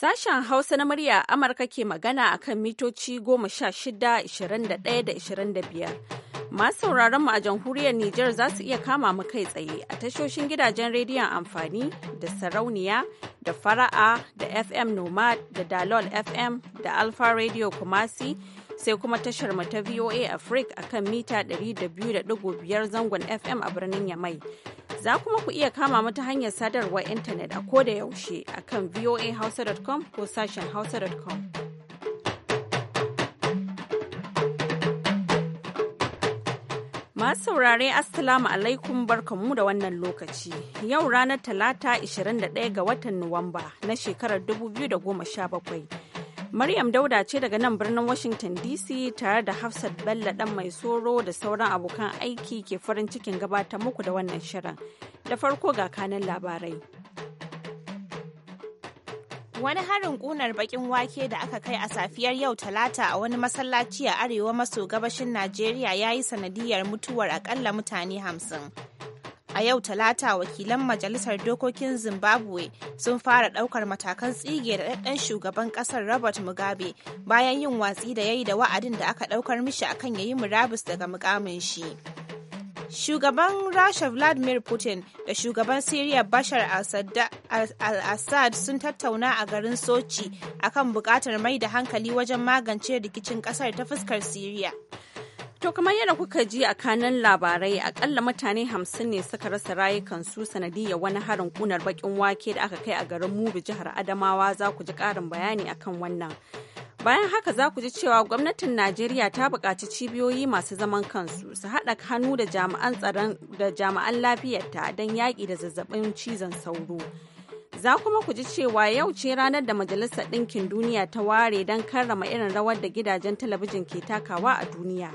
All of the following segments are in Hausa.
Sashen Hausa na murya Amurka ke magana a kan mitoci 16, 21 da 25. Masu sauraron mu a jamhuriyar Nijar za su iya kama mu kai tsaye a tashoshin gidajen rediyon amfani da sarauniya da fara'a da FM Nomad da Dalol FM da Alfa Radio Kumasi sai kuma tashar mu ta VOA Africa a kan mita 200.5 zangon FM a birnin Yamai. Za kuma ku iya kama mu ta hanyar sadarwar intanet a koda yaushe a kan voahausa.com ko sashen hausa.com. Masu saurare Assalamu alaikum barkamu da wannan lokaci. Yau ranar Talata 21 ga watan Nuwamba na shekarar 2017. Maryam Dauda ce daga nan birnin Washington DC tare da Hafsat Bello dan mai soro da sauran abokan aiki ke farin cikin gabatar muku da wannan shirin. Da farko ga kanan labarai. Wani harin kunar bakin wake da aka kai a safiyar yau talata a wani masallaci a arewa maso gabashin Najeriya ya yi sanadiyar mutuwar akalla mutane hamsin. a yau talata wakilan majalisar dokokin zimbabwe sun fara daukar matakan tsige da ɗaɗɗan shugaban ƙasar robert mugabe bayan yin watsi da ya yi da wa'adin da aka daukar mishi akan ya yi murabus daga mukamin shi shugaban rasha vladimir putin da shugaban syria bashar al-assad sun tattauna a garin sochi akan bukatar mai da hankali wajen magance rikicin kasar ta fuskar syria To kamar yadda kuka ji a kanan labarai akalla mutane hamsin ne suka rasa rayukansu sanadiyar wani harin kunar bakin wake da aka kai a garin Mubi jihar Adamawa za ku ji karin bayani akan wannan. Bayan haka za ku ji cewa gwamnatin Najeriya ta buƙaci cibiyoyi masu zaman kansu su haɗa hannu da jami'an tsaron da jami'an lafiyarta don yaƙi da zazzabin cizon sauro. za kuma ku ji cewa yau ce ranar da majalisar ɗinkin duniya ta ware don karrama irin rawar da gidajen talabijin ke takawa a duniya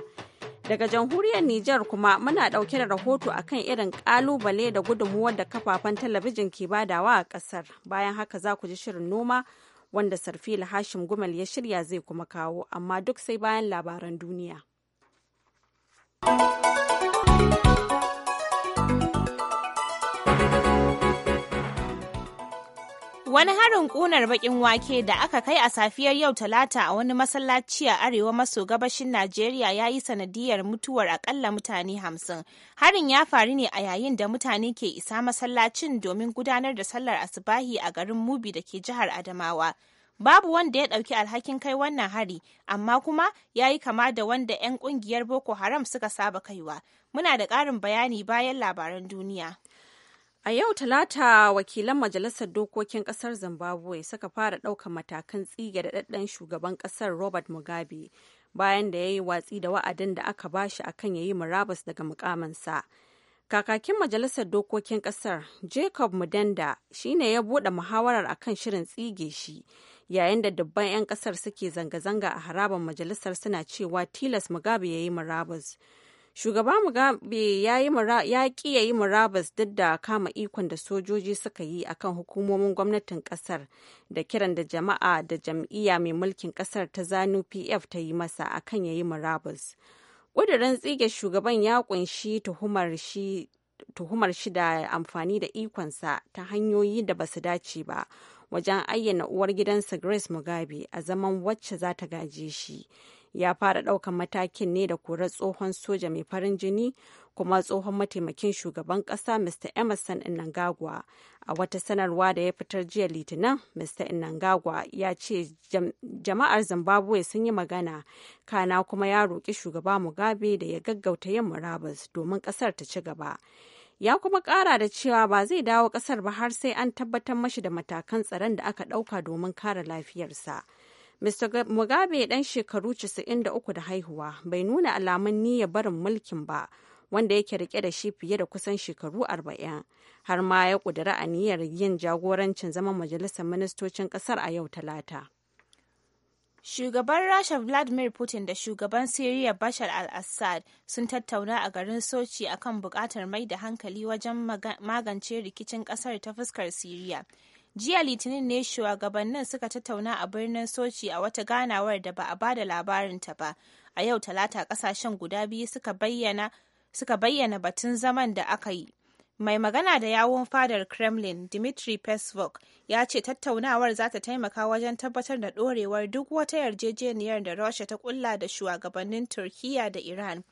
Daga jamhuriyar Nijar kuma muna ɗauke da rahoto akan irin ƙalubale da gudunmuwar da kafafen talabijin ke badawa a kasar Bayan haka za ku ji shirin noma wanda sarfil Hashim Gumal ya shirya zai kuma kawo, amma duk sai bayan labaran duniya. Wani harin ƙunar bakin wake da aka kai a safiyar yau talata a wani masallaci a arewa maso gabashin Najeriya ya yi sanadiyar mutuwar akalla mutane hamsin. Harin ya faru ne a yayin da mutane ke isa masallacin domin gudanar da sallar asubahi a garin Mubi da ke jihar Adamawa. Babu wanda ya ɗauki alhakin kai wannan hari, amma kuma ya yi kama da wanda 'yan ƙungiyar Boko Haram suka saba kaiwa. Muna da ƙarin bayani bayan labaran duniya. A yau Talata wakilan Majalisar Dokokin Ƙasar Zimbabwe suka fara ɗaukar matakan tsige da ɗaɗɗan shugaban ƙasar Robert Mugabe bayan da ya yi watsi da wa'adin da aka ba shi akan ya yi murabus daga mukaminsa. Kakakin Majalisar Dokokin Ƙasar Jacob Mudenda shi ne ya buɗe muhawarar akan shirin tsige shi yayin da dubban 'yan ƙasar suke zanga-zanga a harabar majalisar suna cewa tilas Mugabe ya yi murabus. Shugaba Mugabe ya ƙi ya yi murabas duk da kama ikon da sojoji suka yi akan hukumomin gwamnatin kasar da kiran da jama'a da jam'iyya mai mulkin kasar ta zanu PF ta yi masa akan ya yi murabus. Ƙudurin tsige shugaban ya ƙunshi tuhumar shi tuhumar shi da amfani da ikonsa ta hanyoyi da basu dace ba wajen ayyana uwar gidansa Grace Mugabe a zaman wacce za ta gaje shi. ya fara ɗaukan matakin ne da korar tsohon soja mai farin jini kuma tsohon mataimakin shugaban ƙasa mr emerson inangagwa a wata sanarwa da ya fitar jiya litinin mr inangagwa ya ce jama'ar zimbabwe sun yi magana kana kuma ya roƙi shugaba mugabe da ya gaggauta yin murabus domin ƙasar ta ci gaba ya kuma ƙara da cewa ba zai dawo ƙasar ba har sai an tabbatar mashi da matakan tsaron da aka ɗauka domin kare lafiyarsa Mr. Mugabe ɗan shekaru 93 da haihuwa bai nuna alamun niyyar barin mulkin ba wanda yake rike da shi fiye da kusan shekaru 40 har ma ya ƙudiri aniyar yin jagorancin zaman majalisar ministocin ƙasar a yau talata. Shugaban Rasha Vladimir Putin da shugaban Siriya Bashar al-Assad sun tattauna a garin Sochi akan buƙatar mai da hankali wajen magance rikicin ƙasar ta fuskar Siriya. jiya litinin ne shugabannin suka tattauna a birnin sochi a wata ganawar da ba a ba bada ta ba a yau talata kasashen guda biyu suka bayyana suka bayyana batun zaman da aka yi mai magana da yawon fadar kremlin dmitry peskov ya ce tattaunawar za ta taimaka wajen tabbatar da dorewar duk wata yarjejeniyar da rasha ta kulla da shugabannin turkiyya da iran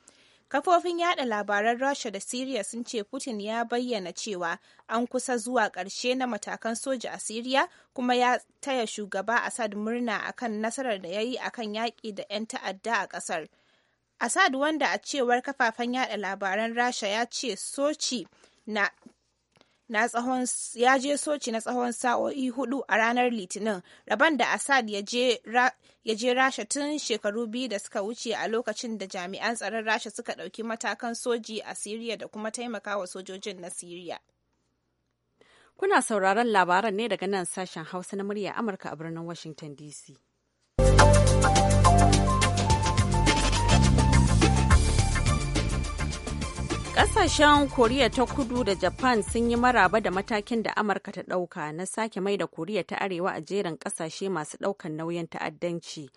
Kafofin yada labaran Rasha da Siriya sun ce Putin ya bayyana cewa an kusa zuwa ƙarshe na matakan soja a Siriya kuma ya taya shugaba Asad murna akan nasarar da ya yi akan yaƙi da 'yan ta'adda a ƙasar. Asad wanda a cewar kafafen yada labaran Rasha ya ce Sochi na na tsawon ya je soci na tsawon sa'o'i hudu a ranar litinin rabon da assad ya je rasha tun shekaru biyu da suka wuce a lokacin da jami'an tsaron rasha suka ɗauki matakan soji a siriya da kuma taimaka wa sojojin na siriya kuna sauraron labaran ne daga nan sashen hausa na murya amurka a birnin washington dc Ƙasashen Koriya ta kudu da Japan sun yi maraba da matakin da Amurka ta ɗauka na sake mai da Koriya ta Arewa a jerin ƙasashe masu ɗaukan nauyin ta'addanci.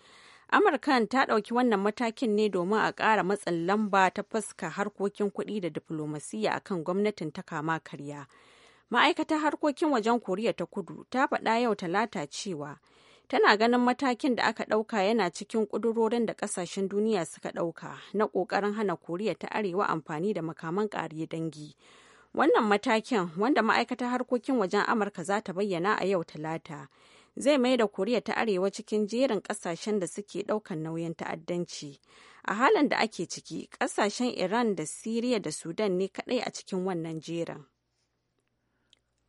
Amurkan ta ɗauki wannan matakin ne domin a ƙara matsin lamba ta fuska harkokin kuɗi da diflomasiyya kan gwamnatin ta kama karya. Ma'aikatar harkokin wajen Koriya ta kudu ta faɗa yau talata cewa tana ganin matakin da aka ɗauka yana cikin ƙudurorin da ƙasashen duniya suka ɗauka na ƙoƙarin hana koriya ta arewa amfani da makaman ƙariye dangi wannan matakin wanda ma'aikatar harkokin wajen amurka za ta bayyana a yau talata zai mai da koriya ta arewa cikin jerin ƙasashen da suke ɗaukan nauyin ta'addanci a halin da ake ciki ƙasashen iran da siriya da sudan ne kaɗai a cikin wannan jerin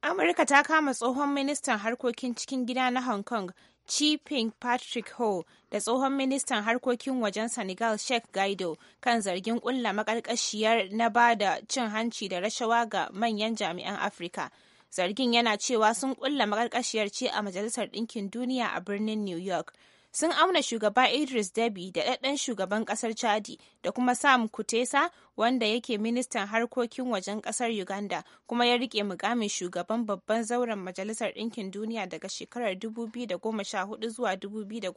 Amurka ta kama tsohon ministan harkokin cikin gida na Hong Kong, Chi Ping Patrick Ho, da tsohon ministan harkokin wajen Senegal Sheikh Gaido kan zargin ƙulla makarkashiyar na ba da cin hanci da rashawa ga manyan jami'an Afirka. Zargin yana cewa sun ƙulla makarkashiyar ce a Majalisar Ɗinkin Duniya a birnin New York. sun auna shugaba idris dabi da ɗaɗɗan shugaban ƙasar chadi da kuma sam kutesa wanda yake ministan harkokin wajen ƙasar uganda kuma ya riƙe mukamin shugaban babban zauren majalisar ɗinkin duniya daga shekarar 2014 zuwa 2015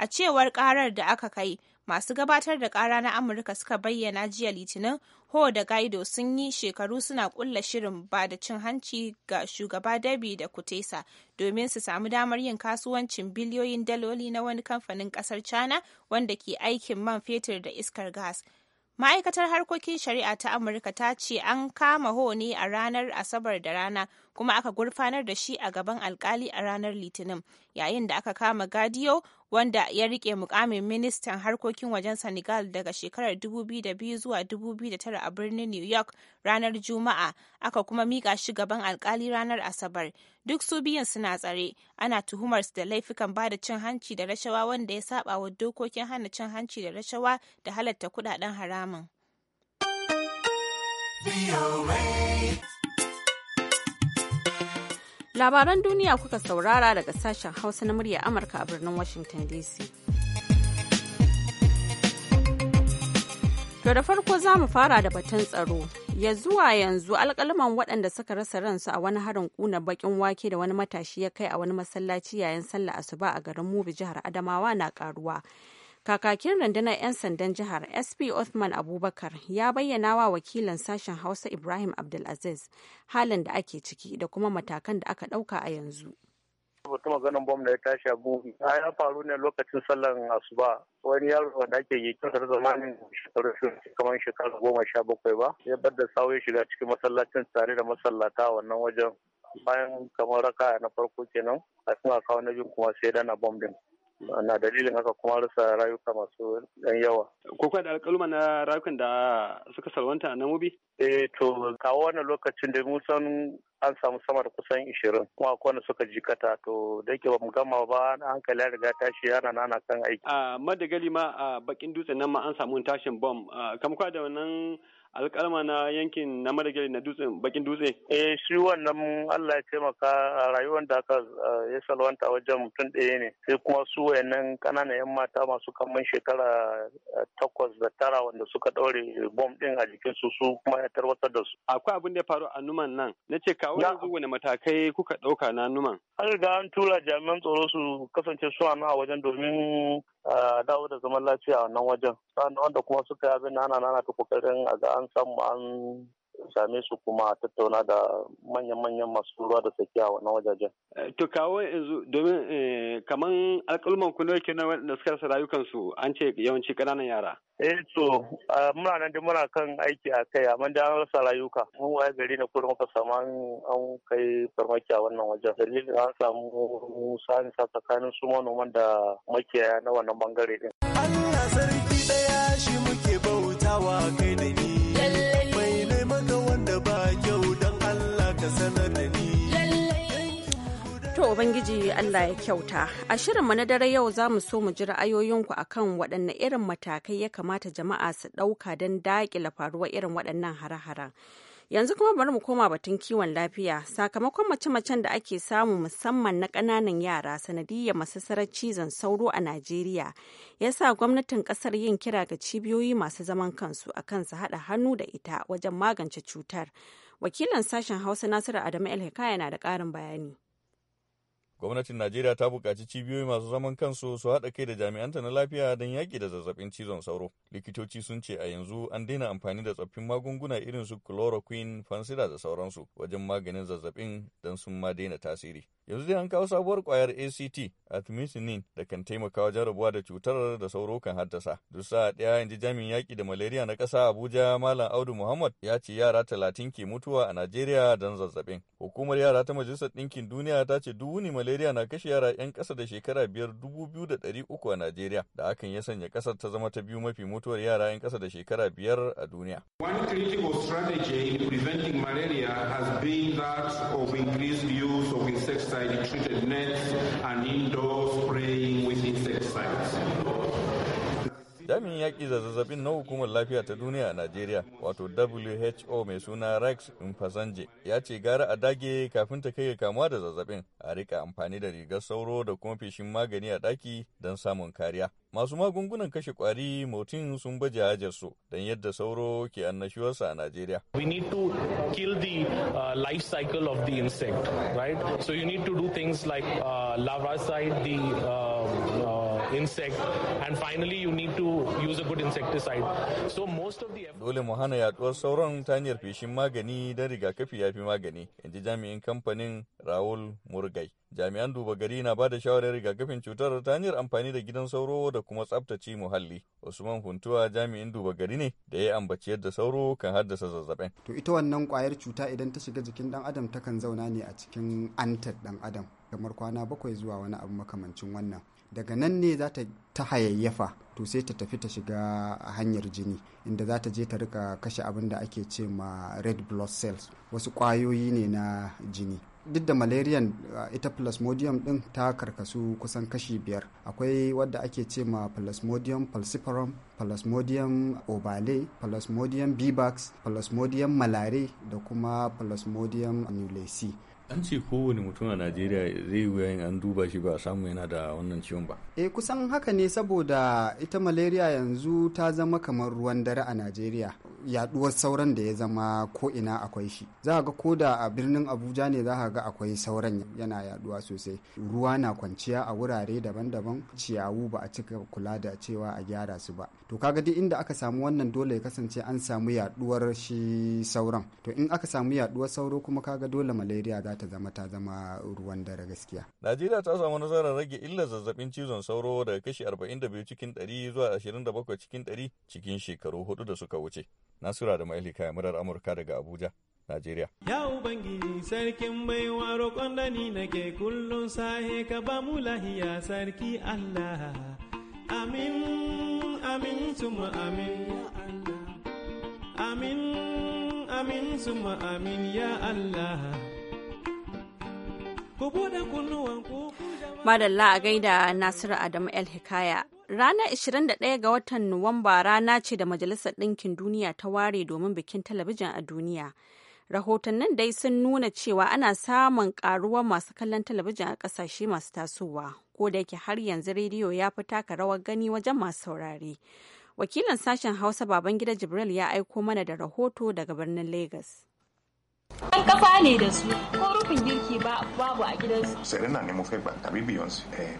A cewar karar da aka kai, masu gabatar da kara na Amurka suka bayyana jiya Litinin, Ho da Guaido sun yi shekaru suna kulla shirin ba da cin hanci ga shugaba Dabi da Kutesa domin su samu damar yin kasuwancin biliyoyin daloli na wani kamfanin kasar China wanda ke aikin man fetur da iskar gas. Ma'aikatar harkokin shari'a ta Amurka ta ce an kama Ho ne a ranar Asabar da rana kuma aka gurfanar da shi a gaban alkali a ranar litinin yayin da aka kama gadiyo wanda ya rike mukamin ministan harkokin wajen senegal daga shekarar 2002 zuwa 2009 a birnin new york ranar juma'a aka kuma miƙa shi gaban alkali ranar asabar duk su biyun suna tsare ana tuhumar su da laifukan ba da cin hanci da rashawa wanda ya saba wa dokokin hana cin hanci da rashawa da halatta kudaden haramun. Labaran duniya kuka saurara daga sashen Hausa na murya Amurka a birnin Washington DC. To da farko za mu fara da batun tsaro. Ya zuwa yanzu alkalaman waɗanda suka rasa ransu a wani harin ƙuna bakin wake da wani matashi ya kai a wani masallaci yayin sallah asuba a garin Mubi jihar Adamawa na karuwa. Kakakin rundunar 'yan sandan jihar SP Othman Abubakar ya bayyana wa wakilan sashen Hausa Ibrahim Abdulaziz halin da ake ciki da kuma matakan da aka ɗauka a yanzu. wata maganar bom da ya tashi a gobe ah, ya faru ne lokacin sallan asuba wani yaro da ake yi da zamanin shekaru kamar shekara goma sha bakwai ba ya bar da sawo ya shiga cikin masallacin tare da masallata a wannan wajen bayan kamar raka na farko kenan a kuma kawo na biyu kuma sai dana bom din na dalilin haka kuma rasa rayuka masu yan yawa. Ko kuna da alƙaluma na rayukan da suka salwanta a Namubi? Eh to kawo wannan lokacin da mun san an samu sama da kusan ishirin kuma akwai wanda suka jikata to da yake ba mu gama ba hankali ya riga tashi yana nana kan aiki. A madagali ma a bakin dutsen nan ma an samu tashin bom Kamkwa da wannan alƙalma na yankin na madagal na dutsen bakin dutse eh shi wannan Allah ya taimaka rayuwar da aka eh, ya salwanta wajen mutum ɗaya ne sai kuma su wayannan ƙananan yan mata masu kamar shekara eh, takwas da tara wanda suka ɗaure bom ɗin a jikin su su kuma ya tarwatar da su akwai abin da ya faru a numan nan na ce kawo yanzu wani matakai kuka ɗauka na numan an riga an tura jami'an tsaro su kasance suna nawa a wajen domin dawo da zaman lafiya a wannan wajen wanda kuma suka yi abin ana nana ta kokarin a ga an samu an same su kuma a tattauna da manyan-manyan masu ruwa da tsakiya wannan wajajen. Eh, to kawo yanzu domin eh, kaman alƙaluman ku yake na waɗanda suka rasa rayukansu an ce yawanci ƙananan yara. Eh to muna nan da muna kan aiki a kai amma da an rasa rayuka mun waye gari na kuma muka samu an kai farmaki a wannan wajen dalilin an samu sani tsakanin su manoman da makiyaya na wannan bangare din. Allah sarki ɗaya shi muke bautawa kai da ni. Ubangiji Allah ya kyauta. A shirinmu na dare yau za mu so mu ji ra'ayoyinku a kan waɗanne irin matakai ya kamata jama'a su ɗauka don daƙila faruwar irin waɗannan hare-haren. Yanzu kuma bari mu koma batun kiwon lafiya sakamakon mace-macen da ake samu musamman na ƙananan yara masu sarar cizon sauro a Najeriya ya sa gwamnatin ƙasar yin kira ga cibiyoyi masu zaman kansu a kansu haɗa hannu da ita wajen magance cutar. Wakilan sashen Hausa Nasiru Adamu El na da ƙarin bayani. gwamnatin najeriya ta buƙaci cibiyoyi masu zaman kansu su haɗa kai da jami'anta na lafiya don yaƙi da zazzabin cizon sauro likitoci sun ce a yanzu an daina amfani da tsoffin magunguna irin su chloroquine fansida da sauransu wajen maganin zazzabin don sun ma daina tasiri yanzu dai an kawo sabuwar kwayar act artemisinin da kan taimaka wajen rabuwa da cutar da sauro kan haddasa duk sa'a ɗaya yanzu jami'in yaƙi da malaria na ƙasa abuja malam audu muhammad ya ce yara talatin ke mutuwa a najeriya don zazzabin hukumar yara ta majalisar ɗinkin duniya ta ce duk wuni malaria na kashe yara 'yan ƙasa da shekara biyar dubu biyu da ɗari uku a Najeriya, da hakan ya sanya ƙasar ta zama ta biyu mafi mutuwar yara 'yan ƙasa da shekara biyar a duniya. One critical strategy in preventing malaria has been that of increased use of insecticide-treated nets and indoor spraying with insecticides. jami'in yaƙi da zazzabin na hukumar lafiya ta duniya a najeriya wato who mai suna rex infasanje ya ce gara a dage kafin ta kai kamuwa da zazzabin a rika amfani da rigar sauro da kuma feshin magani a ɗaki don samun kariya masu magungunan kashe kwari motin sun baje hajarsu don yadda sauro ke annashuwarsa a Najeriya. We need to kill the uh, life cycle of the insect, right? So you need to do things like uh, larvicide, the uh, uh insects and finally you need to use a good insecticide so most of the dole mu hana yaduwar sauran ta hanyar feshin magani da rigakafi ya fi magani ji jami'in kamfanin Raul Murgai jami'an duba gari na ba da shawarar rigakafin cutar ta hanyar amfani da gidan sauro da kuma tsabtace muhalli Usman huntua jami'in duba gari ne da ya ambaci yadda sauro kan haddasa zazzabin to ita wannan kwayar cuta idan ta shiga jikin dan adam takan zauna ne a cikin antar dan adam kamar kwana bakwai zuwa wani abu makamancin wannan daga nan ne za ta ta hayayyafa to sai ta tafi ta shiga hanyar jini inda za ta je ta rika kashe abin da ake ce ma red blood cells wasu kwayoyi ne na jini duk da malarian uh, ita plasmodium din ta karkasu kusan kashi biyar akwai wadda ake ce ma plasmodium falciparum plasmodium ovale plasmodium bivax plasmodium malare da kuma plasmodium annulesi an ce kowane mutum a najeriya zai wuya an duba shi ba samu yana da wannan ciwon ba e kusan haka ne saboda ita malaria yanzu ta zama kamar ruwan dare a najeriya yaduwar sauran da ya zama ko ina akwai shi za ga ko da a birnin abuja ne za ga akwai sauran yana yaduwa sosai ruwa na kwanciya a wurare daban-daban ciyawu ba a cika kula da cewa a gyara su ba to kaga duk inda aka samu wannan dole ya kasance an samu yaduwar shi sauran to in aka samu yaduwar sauro kuma kaga dole malaria za ta zama ta zama ruwan dare gaskiya najeriya ta samu nasarar rage illar zazzabin cizon sauro daga kashi 42 cikin 100 zuwa 27 cikin 100 cikin shekaru hudu da suka wuce Nasura da Maili kayan murar Amurka daga Abuja, Najeriya. Ya Ubangiji sarkin baiwa roƙon da ni nake kullum sahe ka ba mu lahiya sarki Allah. Amin, amin, suma amin, Amin, amin, suma amin, ya Allah. Ku buɗe kunnuwanku. Madalla a gaida Nasiru Adamu El Hikaya. Ranar 21 ga watan Nuwamba rana ce da Majalisar Ɗinkin Duniya ta ware domin bikin talabijin a duniya. Rahotannin dai sun nuna cewa ana samun karuwar masu kallon talabijin a ƙasashe masu tasowa, ko da yake har yanzu rediyo ya fi taka rawar gani wajen masu saurare. Wakilin sashen Hausa Babangida Jibril ya aiko mana da rahoto daga birnin Legas. An kafa ne da su ko rufin girki babu a gidansu. Serena ne ba tabi Beyonce eh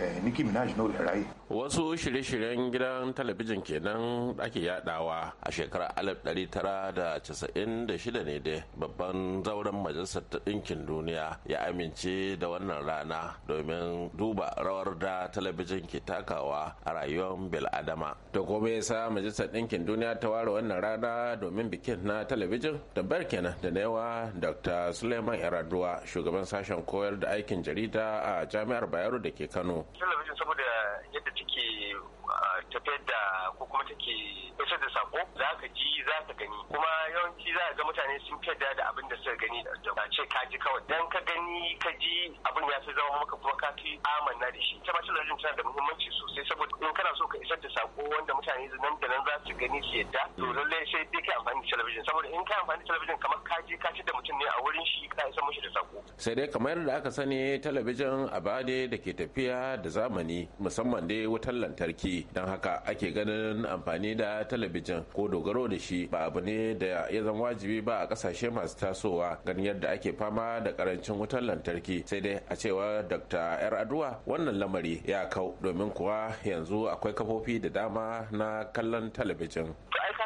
eh Nicki Minaj no raye. Wasu shirye-shiryen gidan talabijin kenan ake yadawa a shekarar 1996 ne da babban zauren majalisar ta ɗinkin duniya ya amince da wannan rana domin duba rawar da talabijin ke takawa a rayuwar bil'adama. Da kuma sa majalisar ɗinkin duniya ta ware wannan rana domin bikin na talabijin tabbar kenan da da na dr suleiman yaraduwa shugaban sashen koyar da aikin jarida a jami'ar bayero da ke kano saboda yadda take tafiyar da ko kuma take isar da sako za ka ji za ka gani kuma yawanci za ga mutane sun fi da abin da suka gani da a ce ka ji kawai dan ka gani ka ji abin ya fi zama maka kuma ka fi amanna da shi ta ma talabijin tana da muhimmanci sosai saboda in kana so ka isar da sako wanda mutane nan da nan za su gani su yadda to lallai sai dai ka amfani da talabijin saboda in ka amfani da talabijin kamar ka je ka ci da mutum ne a wurin shi ka isa mishi da sako sai dai kamar da aka sani talabijin bade da ke tafiya da zamani musamman dai wutar lantarki don haka haka ake ganin amfani da talabijin ko dogaro da shi ba abu ne da ya zama wajibi ba a kasashe masu tasowa ganin yadda ake fama da karancin wutar lantarki sai dai a cewa dr yar aduwa wannan lamari ya kau domin kuwa yanzu akwai kafofi da dama na kallon talabijin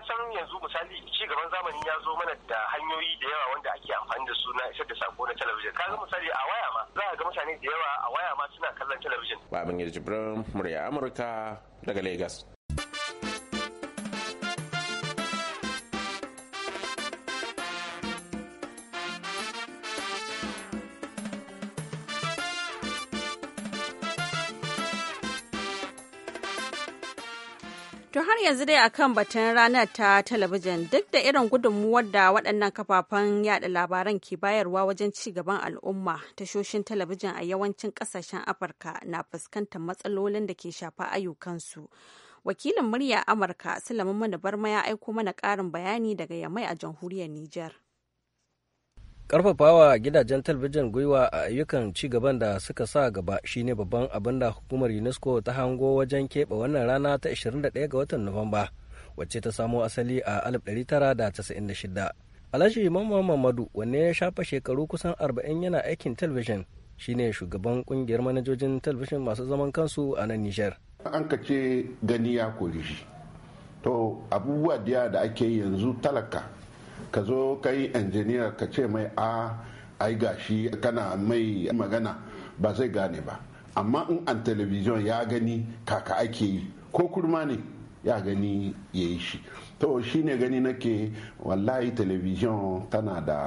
san yanzu misali ci gaban zamani ya zo mana da hanyoyi da yawa wanda ake amfani da su na isar da sako na talabijin kaga misali a waya ma za a ga mutane da yawa a waya ma suna kallon talabijin babin yarjibrin murya amurka daga Legas. To har yanzu dai akan batun ranar ta talabijin duk da irin gudunmuwar da waɗannan kafafen yada labaran ke bayarwa wajen ci gaban al'umma tashoshin talabijin a yawancin ƙasashen Afirka na fuskantar matsalolin da ke shafa ayyukansu. Wakilin murya Amurka Sulaiman Mana Barma ya aiko mana ƙarin bayani daga Yamai a jamhuriyar Nijar. karfafawa gidajen talbijin gwiwa a ayyukan ci gaban da suka sa gaba shine babban abin da hukumar unesco ta hango wajen keɓe wannan rana ta 21 ga watan nuwamba wacce ta samo asali a 1996 alhaji mamman mamadu wanne ya shafa shekaru kusan 40 yana aikin talbijin shine shugaban kungiyar manajojin talbijin masu zaman kansu a nan nijar an kace gani ya kori shi to abubuwa da ake yanzu talaka ka zo kai injiniya ka ce mai a ai gashi kana mai magana ba zai gane ba amma in an talabijin ya gani kaka ake yi ko kurma ne ya gani ya yi shi to shi ne gani nake wallahi talabijin tana da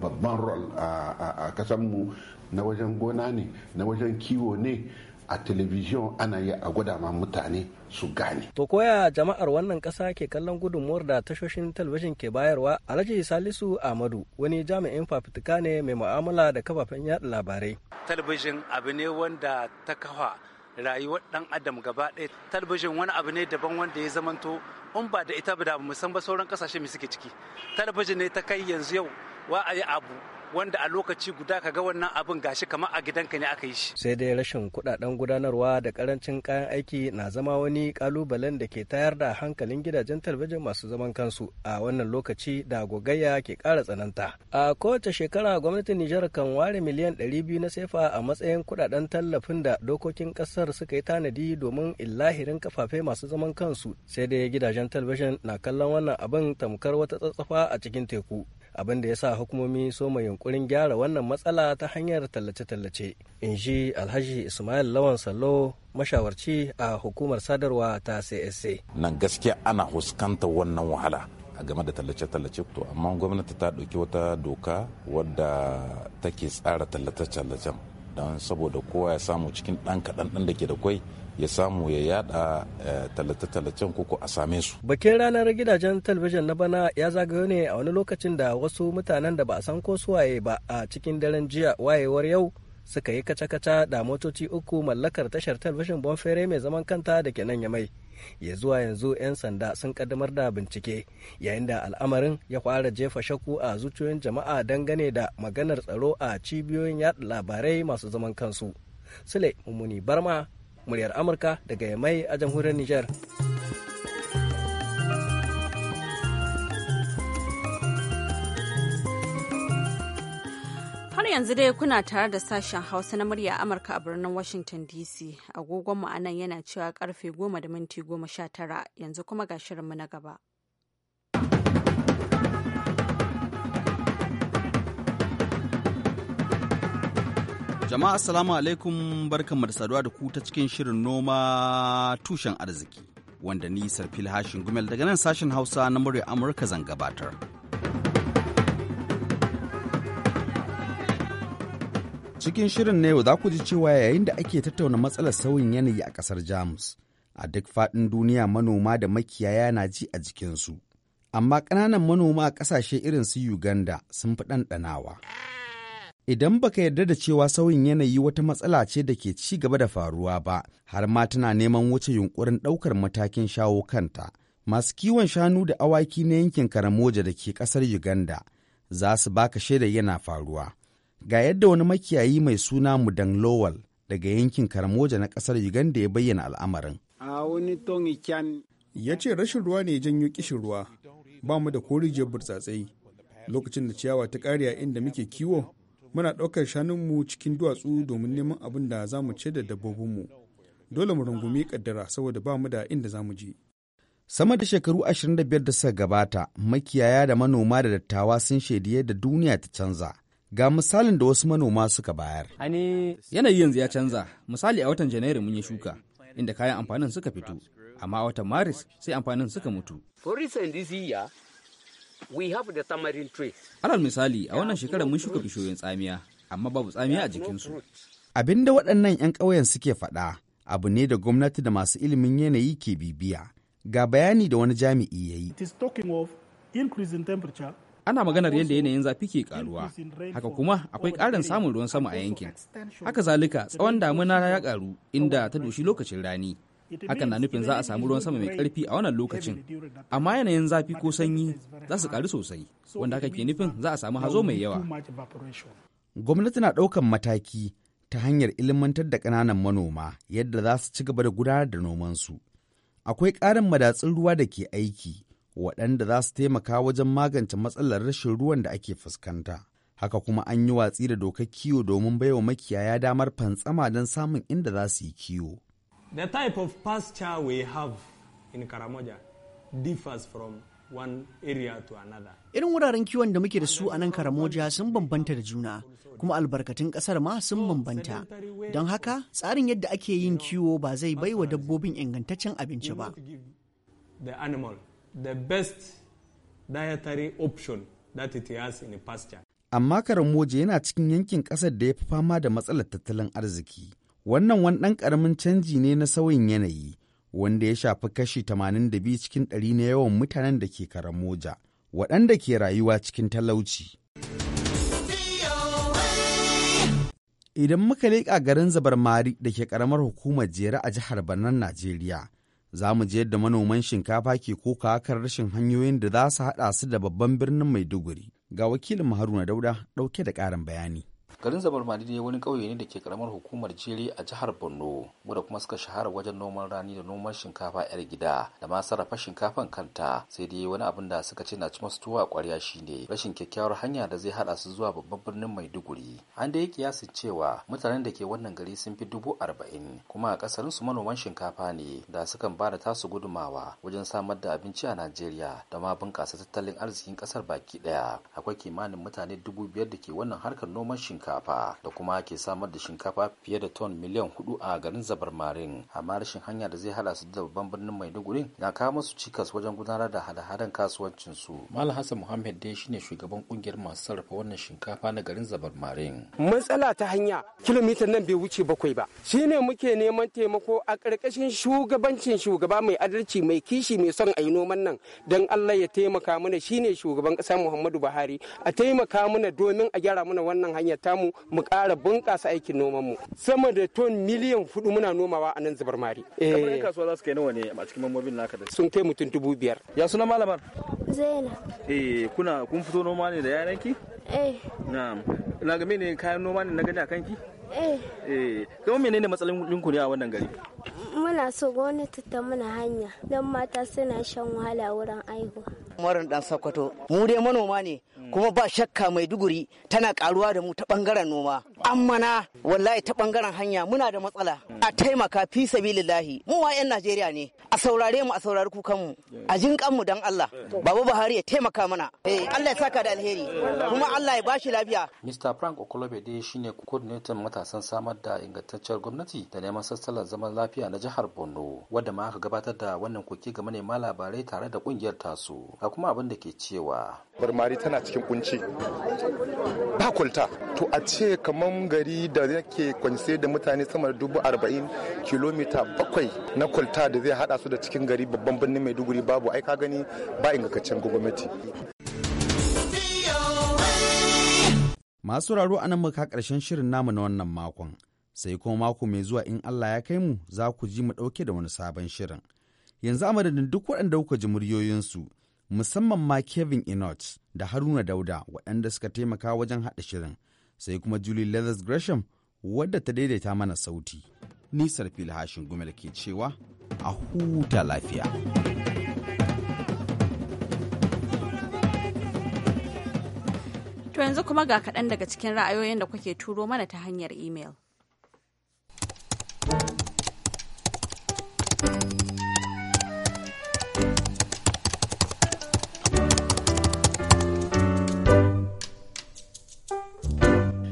babban rol a kasanmu na wajen gona ne na wajen kiwo ne a telebijin ana yi a gwada ma mutane su gane. To koya jama'ar wannan ƙasa ke kallon gudunmuwar da tashoshin talabijin ke bayarwa Alhaji Salisu Ahmadu wani jami'in fafutuka ne mai mu'amala da kafafen yada labarai. Talabijin abu ne wanda ta kafa rayuwar dan adam gaba ɗaya talabijin wani abu ne daban wanda ya zamanto in ba da ita ba da musamman sauran kasashe mai suke ciki talabijin ne ta kai yanzu yau wa a yi abu wanda a lokaci guda ka ga wannan abin gashi kamar a gidanka ne aka yi shi sai dai rashin kudaden gudanarwa da karancin kayan aiki na zama wani kalubalen da ke tayar da hankalin gidajen talabijin masu zaman kansu a wannan lokaci da gogayya ke kara tsananta a kowace shekara gwamnatin Nijar kan ware miliyan 200 na sefa a matsayin kudaden tallafin da dokokin kasar suka yi tanadi domin illahirin kafafe masu zaman kansu sai dai gidajen talabijin na kallon wannan abin tamkar wata tsatsafa a cikin teku abin da ya sa hukumomi mai yunkurin gyara wannan matsala ta hanyar tallace-tallace in ji alhaji ismail lawan sallo mashawarci a hukumar sadarwa ta csa nan gaskiya ana fuskantar wannan wahala a game da tallace-tallace to amma gwamnati ta ɗauki wata doka wadda take tsara tallace-tallacen don saboda kowa ya samu cikin ɗan kaɗan ɗan da ke da kwai ya samu ya yada eh, talace tallacen koko a same su. bakin ranar gidajen talabijin na bana ya zagayo ne a wani lokacin da wasu mutanen da ba a san ko waye ba a cikin daren jiya wayewar yau suka yi kaca-kaca da motoci uku mallakar tashar talabijin Bonfere mai zaman kanta da ke nan ya mai. ya zuwa yanzu 'yan sanda sun kaddamar da bincike yayin da al'amarin ya fara jefa shakku a zuciyoyin jama'a dangane da maganar tsaro a cibiyoyin yada labarai masu zaman kansu sule mummuni barma muryar amurka daga yamai a jamhuriyar niger Har yanzu dai kuna tare da sashen Hausa na murya Amurka a birnin Washington DC. Agogon mu anan yana cewa karfe goma da minti goma sha tara yanzu kuma ga shirinmu na gaba. Jama'a Assalamu alaikum barkanmu da saduwa da ku ta cikin shirin noma tushen arziki wanda ni Sarfil Hashin Gumel daga nan sashen Hausa na murya Amurka zan gabatar. Cikin shirin na yau za ku ji cewa yayin da ake tattauna matsalar sauyin yanayi a ƙasar Jamus, a duk faɗin duniya manoma da makiyaya na ji a jikinsu. Amma ƙananan manoma a ƙasashe irin su Uganda sun fi ɗanɗanawa. Idan baka yarda da cewa sauyin yanayi wata matsala ce da ke ci gaba da faruwa ba, har ma tana neman wuce yunkurin ɗaukar matakin shawo kanta. Masu kiwon shanu da awaki na yankin Karamoja da ke ƙasar Uganda za su baka shaida yana faruwa. Ga yadda wani makiyayi mai suna Mudan Lowell daga yankin Karamoja na kasar Uganda ya bayyana al'amarin. Ya ce rashin ruwa ne janyo kishin ruwa, ba mu da korijiyar burtsatsai. Lokacin da ciyawa ta kare a inda muke kiwo, muna ɗaukar shanunmu cikin duwatsu domin neman abin da za mu ce da dabbobinmu. Dole mu rungumi kaddara saboda ba mu da inda za mu je. Sama da shekaru 25 da suka gabata, makiyaya da manoma da dattawa sun shaidi yadda duniya ta canza. Ga misalin da wasu manoma suka bayar. Yanayi yanzu ya canza, misali a watan Janairu mun yi shuka, inda kayan amfanin suka fito, amma a watan Maris sai amfanin suka mutu. Alal misali, a wannan shekarar mun shuka bishiyoyin tsamiya, amma babu tsamiya a jikinsu. Abin da waɗannan 'yan ƙauyen suke faɗa abu ne da gwamnati da masu ilimin yanayi ke bibiya. Ga bayani da wani jami'i ya yi. ana maganar yadda yanayin zafi ke karuwa haka kuma akwai ƙarin samun ruwan sama a yankin haka zalika tsawon damuna ya karu inda ta doshi lokacin rani hakan na nufin za a samu ruwan sama mai karfi a wannan lokacin amma yanayin zafi ko sanyi za su karu sosai wanda haka ke nufin za a samu hazo mai yawa gwamnati na ɗaukan mataki ta hanyar ilimantar da ƙananan manoma yadda za su ci gaba da gudanar da nomansu akwai ƙarin madatsin ruwa da ke aiki waɗanda za su taimaka wajen magance matsalar rashin ruwan da ake fuskanta. Haka kuma an yi watsi da dokar kiwo domin baiwa makiyaya damar fantsama don samun inda za su yi kiwo. The type of pasture we have in Karamoja differs from one area to another. Irin wuraren kiwon da muke da su a nan Karamoja sun bambanta da juna, kuma albarkatun ƙasar ma sun bambanta. Don haka, tsarin yadda ake yin kiwo ba zai baiwa dabbobin ingantaccen abinci ba. The animal the best dietary option that it has in pasture. Amma karan yana cikin yankin ƙasar da ya fi fama da matsalar tattalin arziki. Wannan wani ɗan ƙaramin canji ne na sauyin yanayi, wanda ya shafi kashi biyu cikin ɗari na yawan mutanen da ke karan waɗanda ke rayuwa cikin talauci. Idan muka leƙa garin zabar mari da ke ƙaramar hukumar jere a jihar Barnar Najeriya, za mu je yadda manoman shinkafa ke koka kan rashin hanyoyin da za su haɗa su da babban birnin maiduguri ga wakilin haruna dauda ɗauke da ƙarin bayani garin zabar ne wani ƙauye ne da ke karamar hukumar jere a jihar borno wadda kuma suka shahara wajen noman rani da noman shinkafa yar gida da ma sarrafa shinkafan kanta sai dai wani abin da suka ce na ci masu tuwa ƙwarya shine rashin kyakkyawar hanya da zai hada su zuwa babban birnin maiduguri an da ya kiyasin cewa mutanen da ke wannan gari sun fi dubu arba'in kuma a ƙasarin su manoman shinkafa ne da sukan ba da tasu gudumawa wajen samar da abinci a najeriya da ma bunƙasa tattalin arzikin ƙasar baki ɗaya akwai kimanin mutane dubu biyar da ke wannan harkar noman shinkafa shinkafa da kuma ke samar da shinkafa fiye da ton miliyan hudu a garin zabarmarin amma rashin hanya da zai hada su da babban birnin maiduguri na kawo musu cikas wajen gudanar da hada-hadan kasuwancin su malam hassan muhammed dai shine shugaban kungiyar masu sarrafa wannan shinkafa na garin zabarmarin matsala ta hanya kilomita nan bai wuce bakwai ba shine muke neman taimako a ƙarƙashin shugabancin shugaba mai adalci mai kishi mai son a yi noman nan don allah ya taimaka mana shine shugaban ƙasa muhammadu buhari a taimaka mana domin a gyara mana wannan hanya ta samu mu ƙara bunƙasa aikin nomanmu sama da ton miliyan hudu muna nomawa a nan zubar mari. Eh. kasuwa za su kai nawa ne a cikin mambobin naka da sun kai mutum dubu biyar. ya suna malamar. zaina. eh kuna kun fito noma ne da ki eh na'am na game ne kayan noma ne na gani a kanki. eh eh kuma menene matsalolin ku ne a wannan gari. muna so gwamnati ta muna hanya don mata suna shan wahala wurin aihuwa. marin dan Sokoto. Mu dai manoma ne kuma ba shakka duguri tana karuwa da mu ta bangaren noma amma na wallahi ta bangaren hanya muna da matsala a taimaka fi sabilillahi mu wa yan najeriya ne a saurare mu a saurari kukan mu a jinkan mu dan Allah baba Buhari ya taimaka mana eh Allah ya saka da alheri kuma Allah ya bashi lafiya Mr Frank Okolobe dai shine coordinator matasan samar da ingantaccen gwamnati da neman sassalar zaman lafiya na jihar Borno wadda ma aka gabatar da wannan koki ga manema labarai tare da kungiyar tasu ga kuma abin da ke cewa Barmari tana cikin cikin kunci ba kwalta to a ce kamar gari da yake kwance da mutane sama da dubu arba'in kilomita bakwai na kwalta da zai hada su da cikin gari babban birnin maiduguri babu ai ka gani ba ingantaccen gwamnati masu raro anan muka karshen shirin namu na wannan makon sai kuma mako mai zuwa in Allah ya kai mu za ku ji mu ɗauke da wani sabon shirin yanzu a madadin duk waɗanda kuka ji muryoyinsu musamman ma Kevin Enoch da Haruna Dauda waɗanda suka taimaka wajen haɗa shirin, sai kuma Julie Leathers Gresham wadda ta daidaita mana sauti. Nisar filhashin gumel ke cewa a huta lafiya. To yanzu kuma ga kaɗan daga cikin ra'ayoyin da kuke turo mana ta hanyar imel.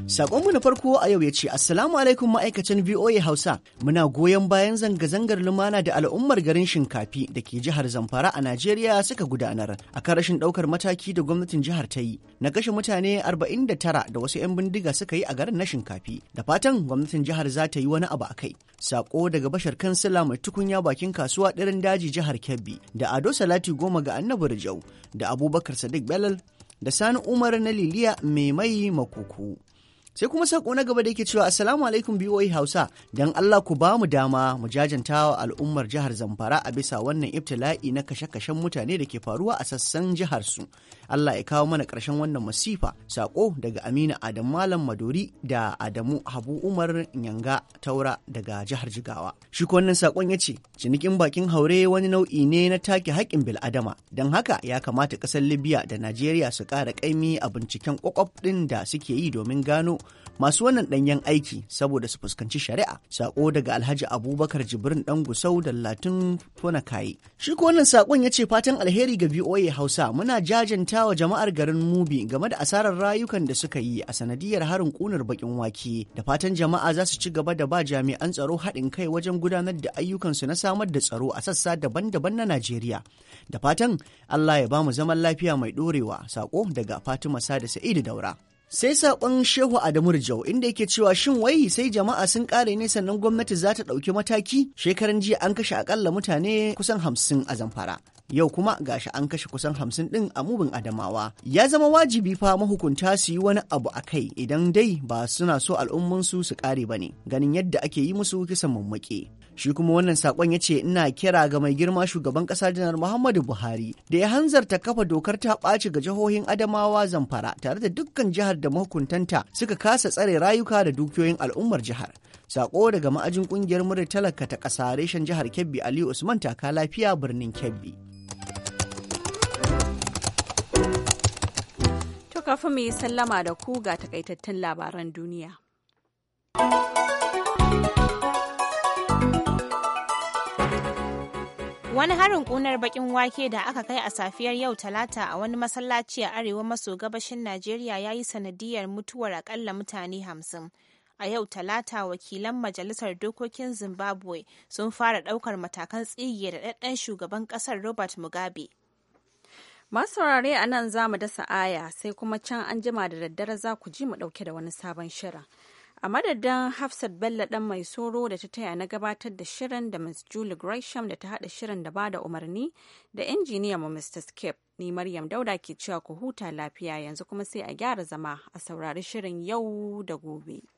Sakonmu na farko a yau ya ce, Assalamu alaikum ma'aikacin VOA Hausa, muna goyon bayan zanga-zangar lumana da al'ummar garin Shinkafi da ke jihar Zamfara a Najeriya suka gudanar, a kan rashin ɗaukar mataki da gwamnatin jihar ta yi, na kashe mutane 49 da wasu 'yan bindiga suka yi a garin na Shinkafi, da fatan gwamnatin jihar za ta yi wani abu a kai. Sako daga bashar kansila mai tukunya bakin kasuwa ɗirin daji jihar Kebbi, da Ado Salati goma ga Annabi Rijau, da Abubakar Sadiq Belal, da Sani Umar na Liliya mai mai makuku. sai kuma sako na gaba da yake cewa assalamu alaikum biyoyi Hausa don Allah ku ba mu dama mu jajanta wa al'ummar jihar Zamfara a bisa wannan ibtila'i na kashe-kashen mutane da ke faruwa a sassan jihar su Allah ya kawo mana ƙarshen wannan masifa sako daga amina Adam Malam Madori da Adamu Habu Umar Nyanga Taura daga jihar Jigawa shi ko wannan sakon ce cinikin bakin haure wani nau'i ne na take haƙƙin bil'adama don haka ya kamata ƙasar Libya da Najeriya su kara kaimi a binciken kwakwaf ɗin da suke yi domin gano masu wannan ɗanyen aiki saboda su fuskanci shari'a sako daga alhaji abubakar jibrin dan gusau da latin tona kayi shi ko wannan sakon ya ce fatan alheri ga voa hausa muna jajanta wa jama'ar garin mubi game da asarar rayukan da suka yi a sanadiyar harin kunar bakin wake da fatan jama'a za su ci gaba da ba jami'an tsaro haɗin kai wajen gudanar da ayyukansu na samar da tsaro a sassa daban-daban na najeriya da fatan allah ya ba mu zaman lafiya mai ɗorewa sako daga fatima sada sa'idu daura sai saƙon shehu adamu rijau inda yake cewa shin wai sai jama'a sun ƙare ne sannan gwamnati za ta ɗauki mataki shekaran jiya an kashe aƙalla mutane kusan hamsin a zamfara yau kuma gashi an kashe kusan hamsin ɗin a mubin adamawa ya zama wajibi fa mahukunta su yi wani abu a kai idan dai ba suna so al'ummansu su ƙare ba ne ganin yadda ake yi musu kisan mammaƙe Shi kuma wannan sakon ya ce ina kira ga mai girma shugaban kasa janar Muhammadu Buhari da ya hanzarta kafa dokar ta ɓaci ga jihohin Adamawa Zamfara tare da dukkan jihar da mahukuntanta suka kasa tsare rayuka da dukiyoyin al'ummar jihar. Sako daga ma'ajin kungiyar murar talaka ta ƙasa reshen jihar Kebbi ali Usman taka lafiya birnin Kebbi. To kafin mu sallama da ku ga takaitattun labaran duniya. Wani harin kunar bakin wake da aka kai a safiyar yau talata a wani masallaci a arewa maso gabashin Najeriya ya yi sanadiyar mutuwar akalla mutane hamsin. A yau talata wakilan Majalisar Dokokin Zimbabwe sun fara ɗaukar matakan tsige da ɗaɗɗan shugaban ƙasar Robert Mugabe. Masu saurare a nan za mu dasa aya sai kuma can an jima da daddare za ku ji mu ɗauke da wani sabon shirin. a madadin hafsat bello dan mai soro da ta taya na gabatar da shirin da ms julie gresham da ta hada shirin da bada umarni da injiniya mu mr skip ni maryam dauda ke cewa ku huta lafiya yanzu kuma sai a gyara zama a saurari shirin yau da gobe